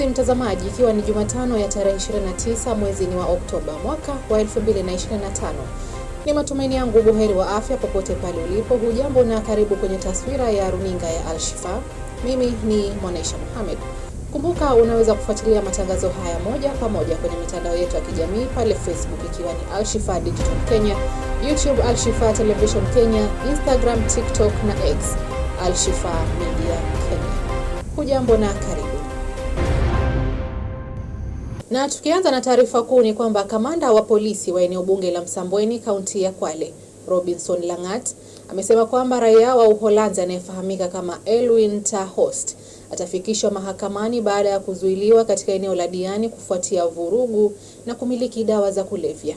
mpenzi mtazamaji, ikiwa ni Jumatano ya tarehe 29 mwezi ni wa Oktoba mwaka wa 2025, ni matumaini yangu buheri wa afya popote pale ulipo. Hujambo na karibu kwenye taswira ya runinga ya Alshifa. Mimi ni Mwanaisha Mohamed. Kumbuka unaweza kufuatilia matangazo haya moja kwa moja kwenye mitandao yetu ya kijamii pale Facebook ikiwa ni Alshifa Digital Kenya, YouTube Alshifa Television Kenya, Instagram, TikTok na X Alshifa Media Kenya. Hujambo na karibu. Na tukianza na taarifa kuu ni kwamba kamanda wa polisi wa eneo bunge la Msambweni kaunti ya Kwale Robinson Langat amesema kwamba raia wa Uholanzi anayefahamika kama Elwin tahost atafikishwa mahakamani baada ya kuzuiliwa katika eneo la Diani kufuatia vurugu na kumiliki dawa za kulevya.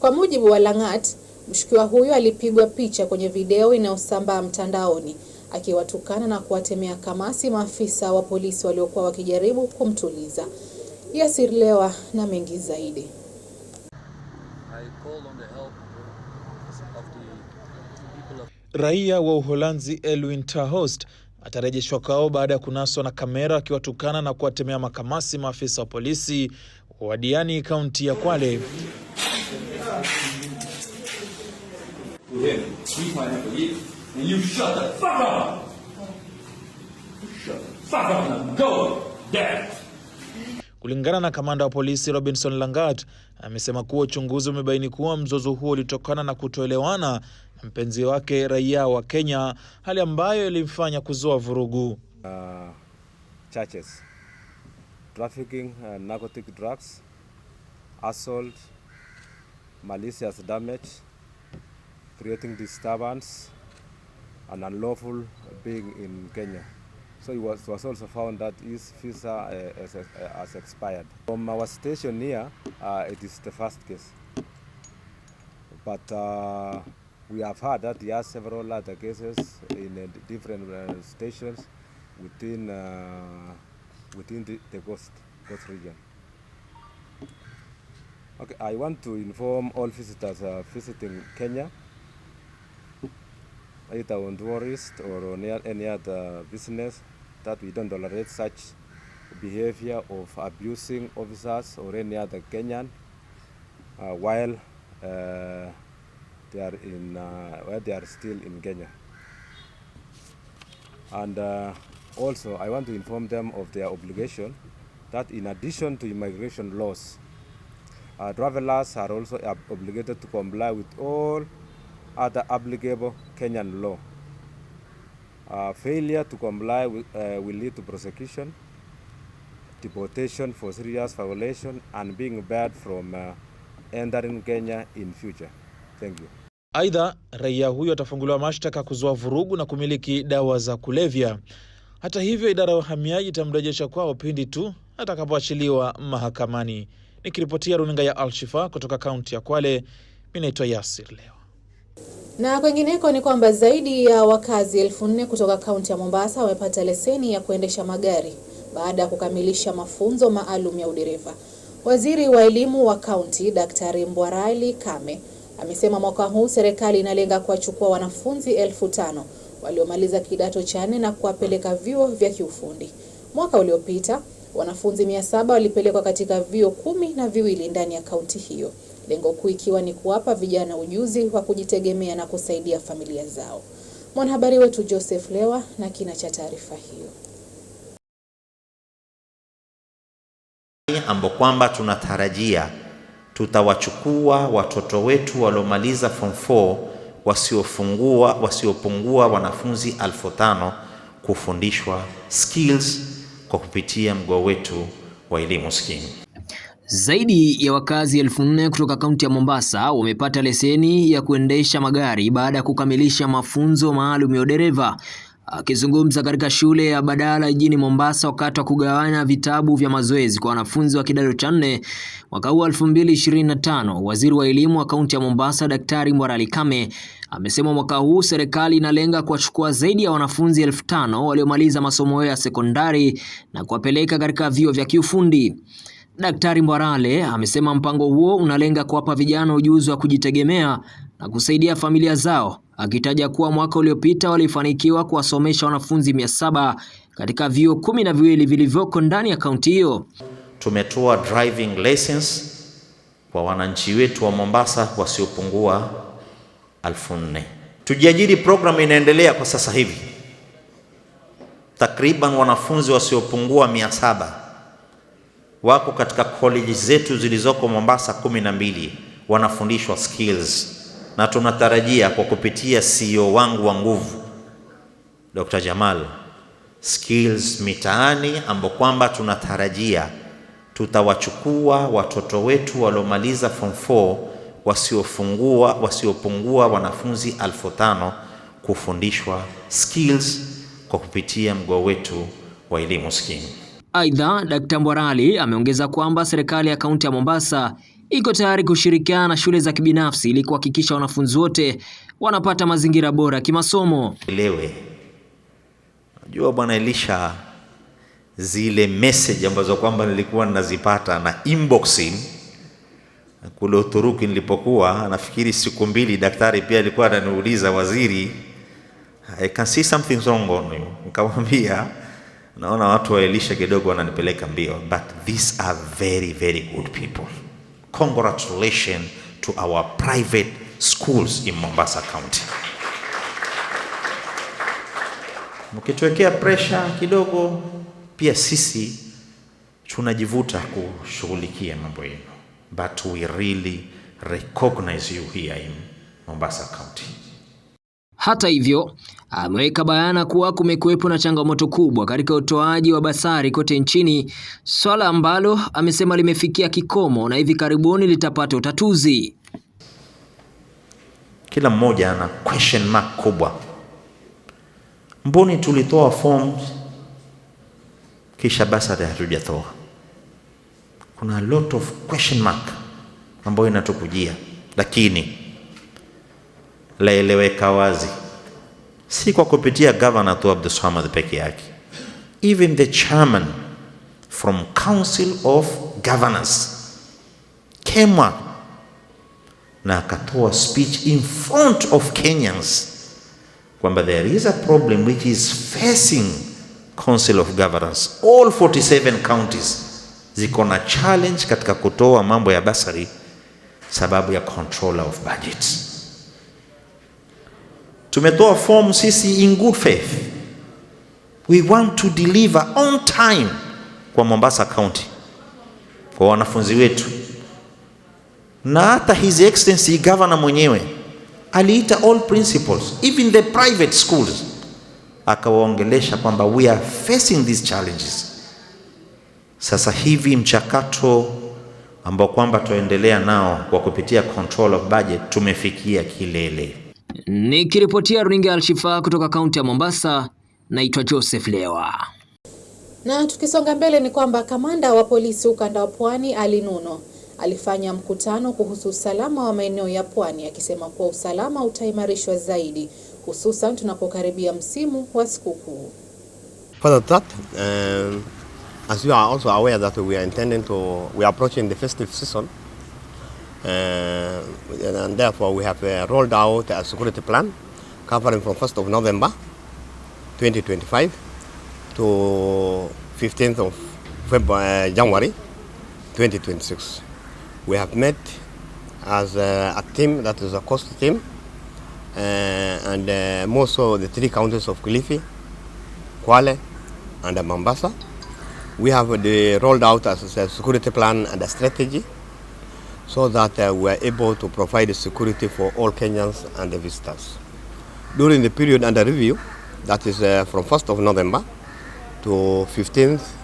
Kwa mujibu wa Langat, mshukiwa huyo alipigwa picha kwenye video inayosambaa mtandaoni akiwatukana na kuwatemea kamasi maafisa wa polisi waliokuwa wakijaribu kumtuliza. Yasir Lewa na mengi zaidi. Raia wa Uholanzi Elwin tahost atarejeshwa kwao baada ya kunaswa na kamera akiwatukana na kuwatemea makamasi maafisa wa polisi wa Diani kaunti ya Kwale. Kulingana na kamanda wa polisi Robinson Langat, amesema kuwa uchunguzi umebaini kuwa mzozo huo ulitokana na kutoelewana na mpenzi wake raia wa Kenya, hali ambayo ilimfanya kuzoa vurugu. Uh, churches, trafficking uh, narcotic drugs, assault, malicious damage, creating disturbance and unlawful being in Kenya. So it was, was also found that his visa uh, has, has, expired. From our station here, uh, it is the first case. But uh, we have heard that there are several other cases in uh, different uh, stations within, uh, within the, the coast, coast region. Okay, I want to inform all visitors visiting Kenya either on tourist or on any other business, that we don't tolerate such behavior of abusing officers or any other Kenyan uh, while uh, they are in uh, while they are still in Kenya. And uh, also, I want to inform them of their obligation that in addition to immigration laws, uh, travelers are also obligated to comply with all other applicable Kenyan law. Uh, failure to comply with, eh, uh, will lead to prosecution, deportation for serious violation, and being barred from uh, entering Kenya in future. Thank you. Aidha, raia huyo atafunguliwa mashtaka kuzua vurugu na kumiliki dawa za kulevya. Hata hivyo, idara ya uhamiaji itamrejesha kwao pindi tu atakapoachiliwa mahakamani. Nikiripotia runinga ya Alshifa kutoka kaunti ya Kwale, mimi naitwa Yasir Leo. Na kwengineko ni kwamba zaidi ya wakazi elfu nne kutoka kaunti ya Mombasa wamepata leseni ya kuendesha magari baada ya kukamilisha mafunzo maalum ya udereva. Waziri wa elimu wa kaunti Daktari Mbwarali Kame amesema mwaka huu serikali inalenga kuwachukua wanafunzi elfu tano waliomaliza kidato cha nne na kuwapeleka vyuo vya kiufundi. Mwaka uliopita wanafunzi mia saba walipelekwa katika vyuo kumi na viwili ndani ya kaunti hiyo lengo kuu ikiwa ni kuwapa vijana ujuzi wa kujitegemea na kusaidia familia zao. Mwanahabari wetu Joseph Lewa na kina cha taarifa hiyo. ambo kwamba tunatarajia tutawachukua watoto wetu waliomaliza form 4 wasiofungua wasiopungua wanafunzi elfu tano kufundishwa skills kwa kupitia mgao wetu wa elimu skini zaidi ya wakazi elfu nne kutoka kaunti ya Mombasa wamepata leseni ya kuendesha magari baada ya kukamilisha mafunzo maalum ya udereva. Akizungumza katika shule ya Badala jijini Mombasa wakati wa kugawanya vitabu vya mazoezi kwa wanafunzi wa kidato cha nne mwaka huu 2025, waziri wa elimu wa kaunti ya Mombasa Daktari Mwarali Kame amesema mwaka huu serikali inalenga kuwachukua zaidi ya wanafunzi elfu tano waliomaliza masomo yao ya sekondari na kuwapeleka katika vyuo vya kiufundi. Daktari Mbwarale amesema mpango huo unalenga kuwapa vijana ujuzi wa kujitegemea na kusaidia familia zao, akitaja kuwa mwaka uliopita walifanikiwa kuwasomesha wanafunzi mia saba katika vyuo kumi na viwili vilivyoko ndani ya kaunti hiyo. Tumetoa driving license kwa wananchi wetu wa Mombasa wasiopungua elfu nne. Tujiajiri program inaendelea kwa sasa hivi, takriban wanafunzi wasiopungua mia saba wako katika college zetu zilizoko Mombasa kumi na mbili wanafundishwa skills, na tunatarajia kwa kupitia CEO wangu wa nguvu Dr. Jamal skills mitaani, ambapo kwamba tunatarajia tutawachukua watoto wetu waliomaliza form 4 wasiofungua wasiopungua wanafunzi alfu tano kufundishwa skills kwa kupitia mgao wetu wa elimu skimu. Aidha, Dkt. Mbwarali ameongeza kwamba serikali ya kaunti ya Mombasa iko tayari kushirikiana na shule za kibinafsi ili kuhakikisha wanafunzi wote wanapata mazingira bora ya kimasomo. Elewe. Najua Bwana Elisha, zile message ambazo kwamba nilikuwa ninazipata na inboxing kule Uturuki nilipokuwa, nafikiri siku mbili, daktari pia alikuwa ananiuliza waziri, I can see something wrong on you, nikamwambia Naona watu waelisha kidogo wananipeleka mbio, but these are very very good people. Congratulations to our private schools in Mombasa County. Mkituwekea pressure kidogo, pia sisi tunajivuta kushughulikia mambo yenu, but we really recognize you here in Mombasa County. Hata hivyo, ameweka bayana kuwa kumekuwepo na changamoto kubwa katika utoaji wa basari kote nchini, swala ambalo amesema limefikia kikomo na hivi karibuni litapata utatuzi. Kila mmoja ana question mark kubwa. Mboni tulitoa forms kisha basari hatujatoa. Kuna a lot of question mark ambayo inatukujia, lakini laeleweka wazi, si kwa kupitia governor tu Abdul Samad peke yake, even the chairman from council of governors came na akatoa speech in front of Kenyans kwamba there is a problem which is facing council of governors all 47 counties ziko na challenge katika kutoa mambo ya basari sababu ya controller of budget. Tumetoa form sisi in good faith, we want to deliver on time kwa Mombasa County kwa wanafunzi wetu, na hata his excellency governor mwenyewe aliita all principals even the private schools akawaongelesha kwamba we are facing these challenges. Sasa hivi mchakato ambao kwamba tuendelea nao kwa kupitia control of budget tumefikia kilele. Nikiripotia runinga Alshifa kutoka kaunti ya Mombasa, naitwa Joseph Lewa. Na tukisonga mbele ni kwamba kamanda wa polisi ukanda wa Pwani Ali Nuno alifanya mkutano kuhusu usalama wa maeneo ya Pwani akisema kuwa usalama utaimarishwa zaidi hususan tunapokaribia msimu wa sikukuu. For that, um, as you are also aware that we are intending to we are approaching the festive season Uh, and therefore we have uh, rolled out a security plan covering from 1st of November 2025 to 15th of February, uh, January 2026. We have met as a, a team that is a cost team uh, and uh, more so the three counties of Kilifi, Kwale and Mombasa. We have uh, rolled out as a security plan and a strategy so that uh, we are able to provide security for all Kenyans and the visitors. During the period under review, that is uh, from 1st of November to 15th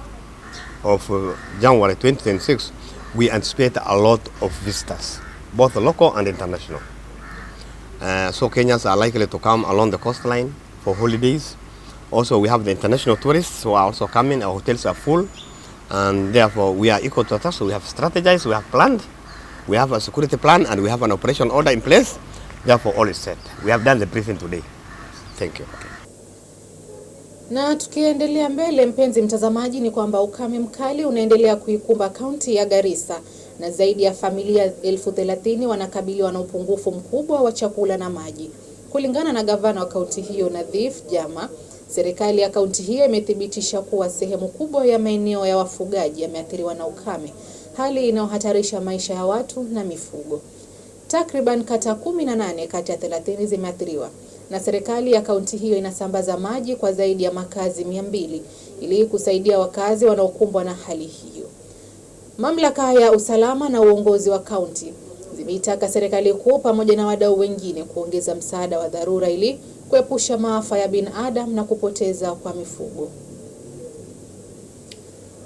of uh, January 2026, we anticipate a lot of visitors, both local and international. Uh, so Kenyans are likely to come along the coastline for holidays. Also, we have the international tourists who are also coming. Our hotels are full, and therefore we are eco to so we have strategized, we have planned, We have a security plan and we have an operation order in place. Therefore, all is set. We have done the briefing today. Thank you. Na tukiendelea mbele, mpenzi mtazamaji, ni kwamba ukame mkali unaendelea kuikumba kaunti ya Garissa na zaidi ya familia elfu thelathini wanakabiliwa na upungufu mkubwa wa chakula na maji. Kulingana na gavana wa kaunti hiyo Nadhif Jama, serikali ya kaunti hiyo imethibitisha kuwa sehemu kubwa ya maeneo ya wafugaji yameathiriwa na ukame hali inayohatarisha maisha ya watu na mifugo. Takriban kata kumi na nane kati ya 30 zimeathiriwa na serikali ya kaunti hiyo inasambaza maji kwa zaidi ya makazi mia mbili ili kusaidia wakazi wanaokumbwa na hali hiyo. Mamlaka ya usalama na uongozi wa kaunti zimeitaka serikali kuu pamoja na wadau wengine kuongeza msaada wa dharura ili kuepusha maafa ya binadamu na kupoteza kwa mifugo.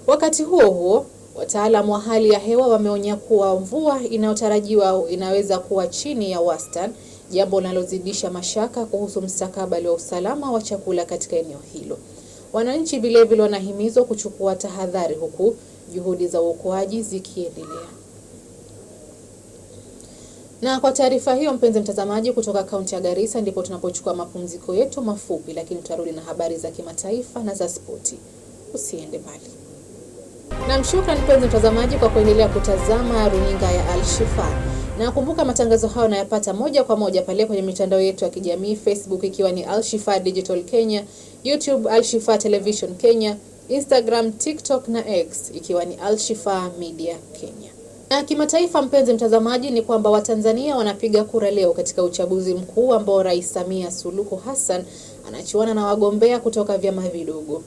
Wakati huo huo Wataalam wa hali ya hewa wameonya kuwa mvua inayotarajiwa inaweza kuwa chini ya wastani, jambo linalozidisha mashaka kuhusu mstakabali wa usalama wa chakula katika eneo hilo. Wananchi vilevile wanahimizwa kuchukua tahadhari huku juhudi za uokoaji zikiendelea. Na kwa taarifa hiyo, mpenzi mtazamaji, kutoka kaunti ya Garissa ndipo tunapochukua mapumziko yetu mafupi, lakini tutarudi na habari za kimataifa na za spoti. Usiende mbali. Namshukran mpenzi mtazamaji kwa kuendelea kutazama runinga ya Alshifa na kumbuka matangazo hayo unayapata moja kwa moja pale kwenye mitandao yetu ya kijamii Facebook ikiwa ni Alshifa Digital Kenya, YouTube Alshifa Television Kenya, Instagram, TikTok na X ikiwa ni Alshifa Media Kenya. Na kimataifa, mpenzi mtazamaji, ni kwamba Watanzania wanapiga kura leo katika uchaguzi mkuu ambao Rais Samia Suluhu Hassan anachuana na wagombea kutoka vyama vidogo.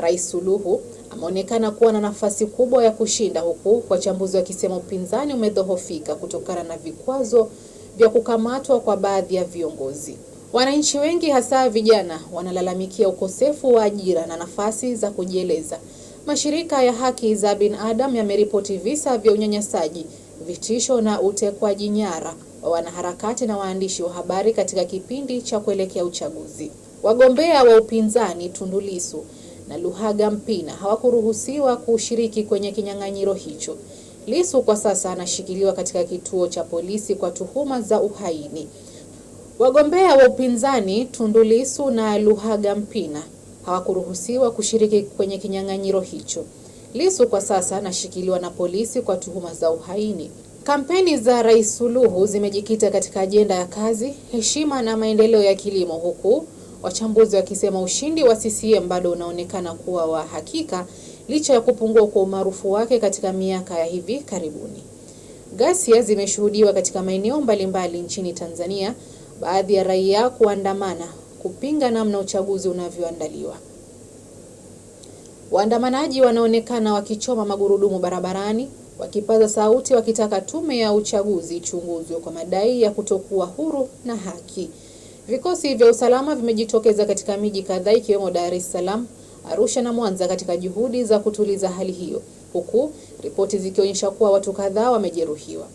Rais Suluhu ameonekana kuwa na nafasi kubwa ya kushinda, huku wachambuzi wakisema upinzani umedhoofika kutokana na vikwazo vya kukamatwa kwa baadhi ya viongozi. Wananchi wengi hasa vijana wanalalamikia ukosefu wa ajira na nafasi za kujieleza. Mashirika ya haki za binadamu yameripoti visa vya unyanyasaji, vitisho na utekwaji nyara wa wanaharakati na waandishi wa habari katika kipindi cha kuelekea uchaguzi. Wagombea wa upinzani Tundu Lissu na Luhaga Mpina hawakuruhusiwa kushiriki kwenye kinyang'anyiro hicho. Lissu kwa sasa anashikiliwa katika kituo cha polisi kwa tuhuma za uhaini. Wagombea wa upinzani Tundu Lissu na Luhaga Mpina hawakuruhusiwa kushiriki kwenye kinyang'anyiro hicho. Lissu kwa sasa anashikiliwa na polisi kwa tuhuma za uhaini. Kampeni za Rais Suluhu zimejikita katika ajenda ya kazi, heshima na maendeleo ya kilimo huku wachambuzi wakisema ushindi wa CCM bado unaonekana kuwa wa hakika licha ya kupungua kwa umaarufu wake katika miaka ya hivi karibuni. Ghasia zimeshuhudiwa katika maeneo mbalimbali nchini Tanzania, baadhi ya raia kuandamana kupinga namna uchaguzi unavyoandaliwa. Waandamanaji wanaonekana wakichoma magurudumu barabarani, wakipaza sauti wakitaka tume ya uchaguzi ichunguzwe kwa madai ya kutokuwa huru na haki. Vikosi vya usalama vimejitokeza katika miji kadhaa ikiwemo Dar es Salaam, Arusha na Mwanza katika juhudi za kutuliza hali hiyo, huku ripoti zikionyesha kuwa watu kadhaa wamejeruhiwa.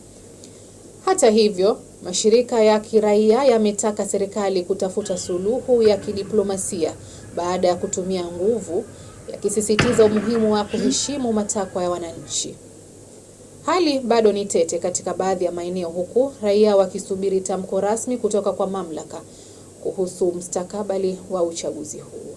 Hata hivyo, mashirika ya kiraia yametaka serikali kutafuta suluhu ya kidiplomasia baada ya kutumia nguvu, yakisisitiza umuhimu wa kuheshimu matakwa ya wananchi. Hali bado ni tete katika baadhi ya maeneo, huku raia wakisubiri tamko rasmi kutoka kwa mamlaka kuhusu mstakabali wa uchaguzi huu.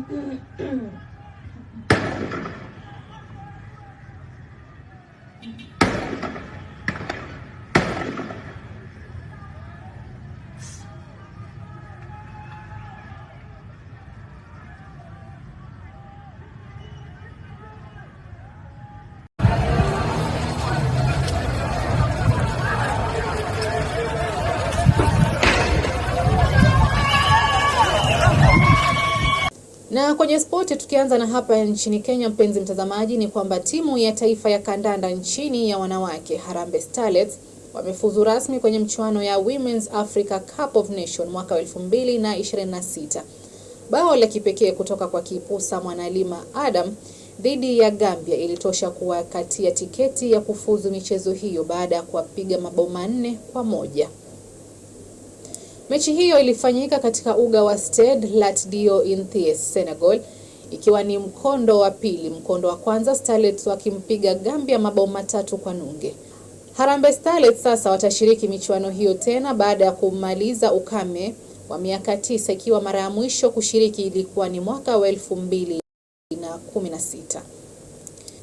kwenye spoti tukianza na hapa nchini Kenya, mpenzi mtazamaji, ni kwamba timu ya taifa ya kandanda nchini ya wanawake Harambee Starlets wamefuzu rasmi kwenye mchuano ya Women's Africa Cup of Nation mwaka 2026. Bao la kipekee kutoka kwa kipusa Mwanalima Adam dhidi ya Gambia ilitosha kuwakatia tiketi ya kufuzu michezo hiyo baada ya kuwapiga mabao manne kwa moja. Mechi hiyo ilifanyika katika uga wa Stade Lat Dio Ithies, Senegal, ikiwa ni mkondo wa pili. Mkondo wa kwanza Starlets wakimpiga Gambia mabao matatu kwa nunge. Harambee Starlets sasa watashiriki michuano hiyo tena baada ya kumaliza ukame wa miaka tisa, ikiwa mara ya mwisho kushiriki ilikuwa ni mwaka wa elfu mbili na kumi na sita.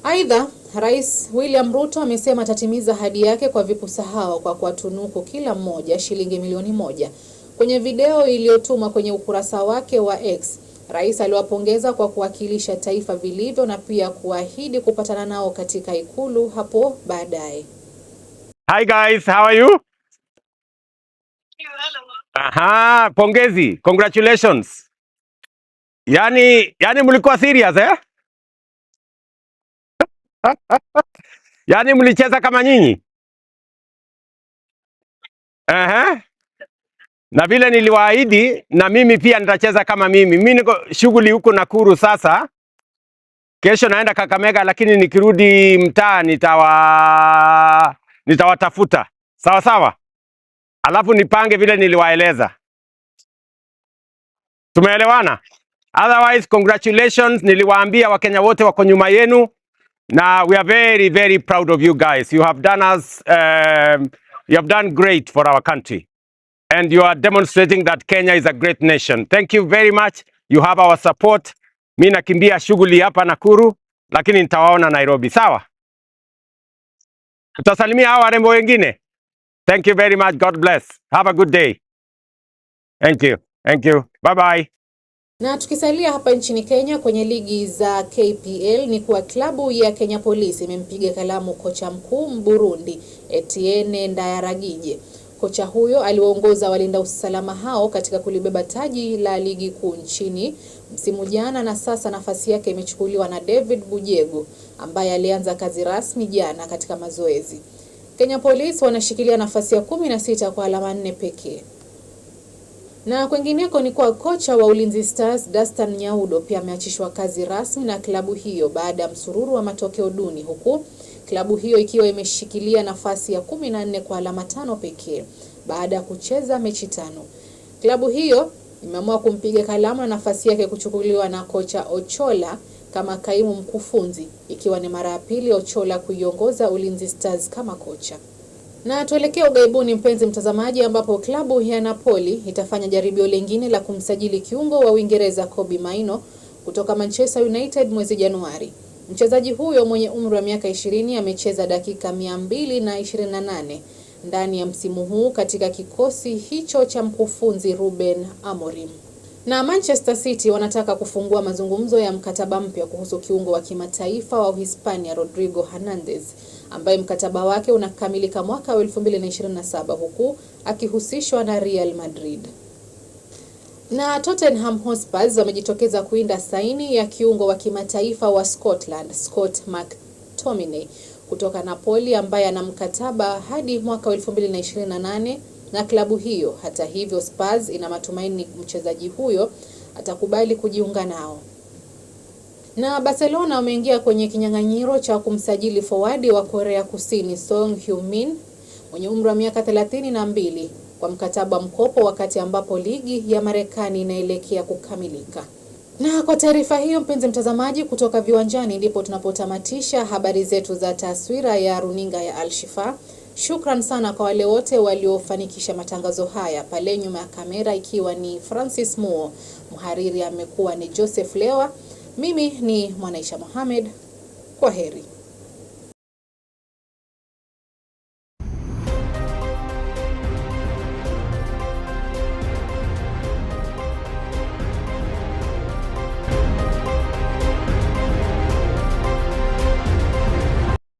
Aidha, Rais William Ruto amesema atatimiza ahadi yake kwa vipusa hao kwa kuwatunuku kila mmoja shilingi milioni moja. Kwenye video iliyotumwa kwenye ukurasa wake wa X, Rais aliwapongeza kwa kuwakilisha taifa vilivyo na pia kuahidi kupatana nao katika ikulu hapo baadaye. Hi guys, how are you? Aha, pongezi. Congratulations. Yaani, yaani mlikuwa serious eh? Yaani mlicheza kama nyinyi? Aha na vile niliwaahidi, na mimi pia nitacheza kama mimi. Mimi niko shughuli huko Nakuru sasa, kesho naenda Kakamega, lakini nikirudi mtaa nitawa nitawatafuta sawa sawa, alafu nipange vile niliwaeleza. Tumeelewana? Otherwise, congratulations. Niliwaambia Wakenya wote wako nyuma yenu na we are very very proud of you guys. You have done us um, you have done great for our country and you are demonstrating that Kenya is a great nation. Thank you very much. You have our support. Mi nakimbia shughuli hapa Nakuru, lakini nitawaona Nairobi. Sawa, tutasalimia hawa warembo wengine. Thank you very much. God bless. Have a good day. Thank you. Thank you. Bye bye. Na tukisalia hapa nchini Kenya kwenye ligi za KPL ni kuwa klabu ya Kenya Police imempiga kalamu kocha mkuu Burundi Etienne Ndayaragije. Kocha huyo aliwaongoza walinda usalama hao katika kulibeba taji la ligi kuu nchini msimu jana na sasa nafasi yake imechukuliwa na David Bujego ambaye alianza kazi rasmi jana katika mazoezi. Kenya Police wanashikilia nafasi ya kumi na sita kwa alama nne pekee. Na kwengineko ni kwa kocha wa Ulinzi Stars Dastan Nyaudo pia ameachishwa kazi rasmi na klabu hiyo baada ya msururu wa matokeo duni huku klabu hiyo ikiwa imeshikilia nafasi ya kumi kwa alama tano pekee baada ya kucheza mechi tano. Klabu hiyo imeamua kumpiga kalamu nafasi yake kuchukuliwa na kocha Ochola kama kaimu mkufunzi, ikiwa ni mara ya pili Ochola kuiongoza Ulinzi Stars kama kocha. Na tuelekea ugaibuni, mpenzi mtazamaji, ambapo klabu ya Napoli itafanya jaribio lingine la kumsajili kiungo wa Uingereza Kobbie Mainoo kutoka Manchester United mwezi Januari. Mchezaji huyo mwenye umri wa miaka 20 amecheza dakika 228 ndani ya msimu huu katika kikosi hicho cha mkufunzi Ruben Amorim. Na Manchester City wanataka kufungua mazungumzo ya mkataba mpya kuhusu kiungo wa kimataifa wa Uhispania Rodrigo Hernandez ambaye mkataba wake unakamilika mwaka wa 2027 huku akihusishwa na Real Madrid. Na Tottenham Hotspur wamejitokeza kuinda saini ya kiungo wa kimataifa wa Scotland Scott McTominay kutoka Napoli ambaye ana mkataba hadi mwaka 2028 na klabu hiyo. Hata hivyo, Spurs ina matumaini mchezaji huyo atakubali kujiunga nao. Na Barcelona wameingia kwenye kinyang'anyiro cha kumsajili forward wa Korea Kusini Song Hyun min mwenye umri wa miaka 32 kwa mkataba mkopo wakati ambapo ligi ya Marekani inaelekea kukamilika. Na kwa taarifa hiyo, mpenzi mtazamaji, kutoka viwanjani ndipo tunapotamatisha habari zetu za taswira ya runinga ya Alshifa. Shukran sana kwa wale wote waliofanikisha matangazo haya. Pale nyuma ya kamera ikiwa ni Francis Muo, mhariri amekuwa ni Joseph Lewa, mimi ni Mwanaisha Mohamed. Kwa heri.